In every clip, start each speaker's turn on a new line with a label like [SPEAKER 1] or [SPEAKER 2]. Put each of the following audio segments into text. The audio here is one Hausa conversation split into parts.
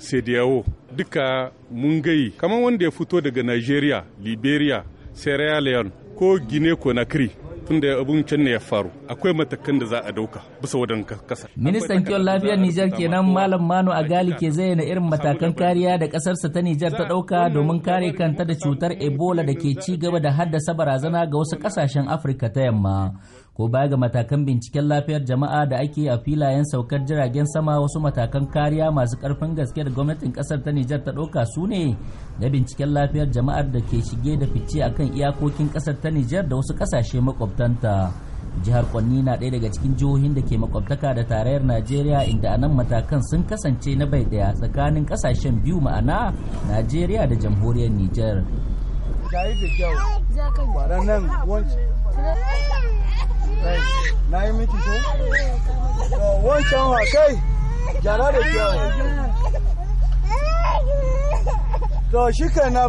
[SPEAKER 1] cdao duka mun gai kamar wanda ya fito daga nigeria liberia sierra leone ko guinea conakry tunda abun ne ya faru akwai matakan da za a dauka bisa wadan kasa ministan kiwon lafiyar Nijar kenan malam Manu Agali ke zayyana irin matakan kariya da kasarsa ta Nijar ta dauka domin kare kanta da cutar Ebola da ke ci gaba da haddasa barazana ga wasu kasashen Afirka ta yamma ko baya ga matakan binciken lafiyar jama'a da ake a filayen saukar jiragen sama wasu matakan kariya masu karfin gaske da gwamnatin kasar ta Nijar ta ɗauka su ne na binciken lafiyar jama'ar da ke shige da fice akan iyakokin kasar ta Nijar da wasu kasashe makwabta makwabtanta jihar kwanni na ɗaya daga cikin jihohin da ke makwabtaka da tarayyar najeriya inda a nan matakan sun kasance na bai daya tsakanin ƙasashen biyu ma'ana najeriya da jamhuriyar niger
[SPEAKER 2] to shi kai na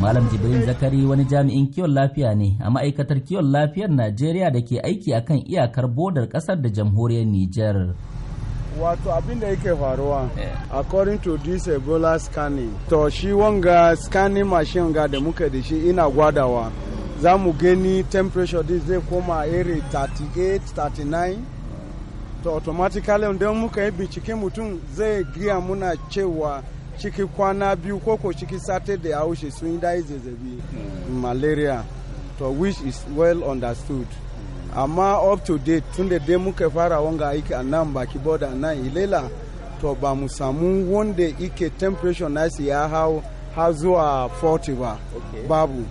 [SPEAKER 1] Malam Jibrin Zakari wani jami'in kiwon lafiya ne a ma'aikatar kiwon lafiyar Najeriya da ke aiki a kan iyakar bodar kasar da jamhuriyar Nijar.
[SPEAKER 2] Wato abin da yake faruwa, eh. according to this Ebola scanning, to shi wanga scanning machine ga da muka da shi ina gwadawa, za mu gani temperature din zai koma iri 38, 39, to automatically don muka yi bincike mutum zai giya muna cewa ciki kwana biyu koko ciki sati da ya wuce sun yi dai zazzabi hmm. malaria to which is well understood amma up to date tun da dai muka fara wanga aiki a nan baki boda nan ilela to ba mu samu wanda ike temperature nasi ya hau har zuwa 40 ba babu hmm.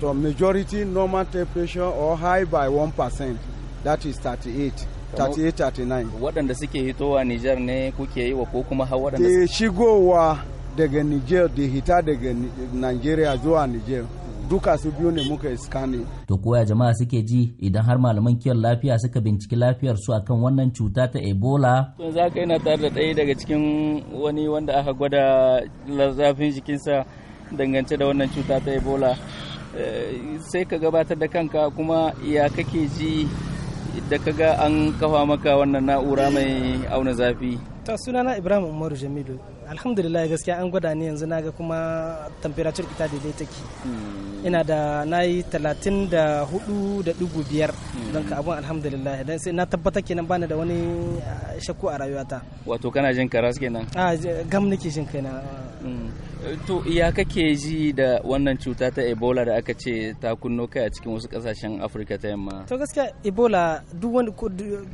[SPEAKER 2] to majority normal temperature or high by 1% that is 38 38-39
[SPEAKER 3] waɗanda suke hitowa Nijar ne kuke yi wa ko kuma har waɗanda suke
[SPEAKER 2] shigowa daga Nijar da hita daga Nigeria zuwa Nijar duka su biyu ne muka iskani.
[SPEAKER 1] To koya jama'a suke ji idan har malaman kiyar lafiya suka binciki lafiyar su akan wannan cuta ta Ebola.
[SPEAKER 3] Don za ka yana tare da ɗaya daga cikin wani wanda aka gwada zafin jikinsa dangance da wannan cuta ta Ebola. Eh, sai ka gabatar da kanka kuma ya kake ji da kaga an kafa maka wannan na'ura mai auna zafi ta sunana ibrahim umaru jamilu alhamdulillah gaskiya an gwada ni yanzu naga kuma temperature ita daidai take hmm. ina da na yi talatin da hudu da dubu biyar hmm. don ka abun alhamdulillah don sai na tabbata kenan bani da wani ah, shakku a rayuwata wato kana jin karas kenan a ah, gam nake jin kaina hmm. to ya kake ji da wannan cuta ta ebola da aka ce ta kunno kai a cikin wasu kasashen afirka ta yamma to gaskiya ebola duk wani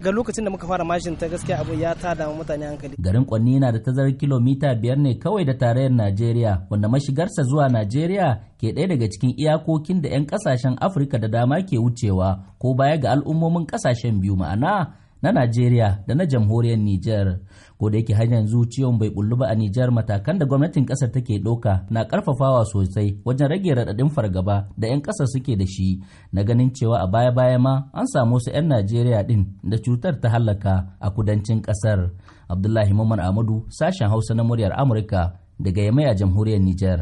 [SPEAKER 3] ga lokacin da muka fara mashin ta gaskiya abu ya ta tada mutane an
[SPEAKER 1] Garin Kwanni na da tazar kilomita biyar ne kawai da tarayyar Najeriya, wanda mashigarsa zuwa Najeriya ke ɗaya daga cikin iyakokin da 'yan ƙasashen Afirka da dama ke wucewa, ko baya ga al'ummomin ƙasashen biyu ma'ana na Najeriya da na jamhuriyar Nijar. Ko da yake hanyar yanzu bai bullu ba a Nijar matakan da gwamnatin ƙasar take ɗauka na ƙarfafawa sosai wajen rage raɗaɗin fargaba da 'yan ƙasar suke da shi na ganin cewa a baya-baya ma an samu wasu 'yan Najeriya ɗin da cutar ta hallaka a kudancin ƙasar. Abdullahi Mamman Amadu sashen Hausa na muryar Amurka daga Yamaya jamhuriyar Nijar.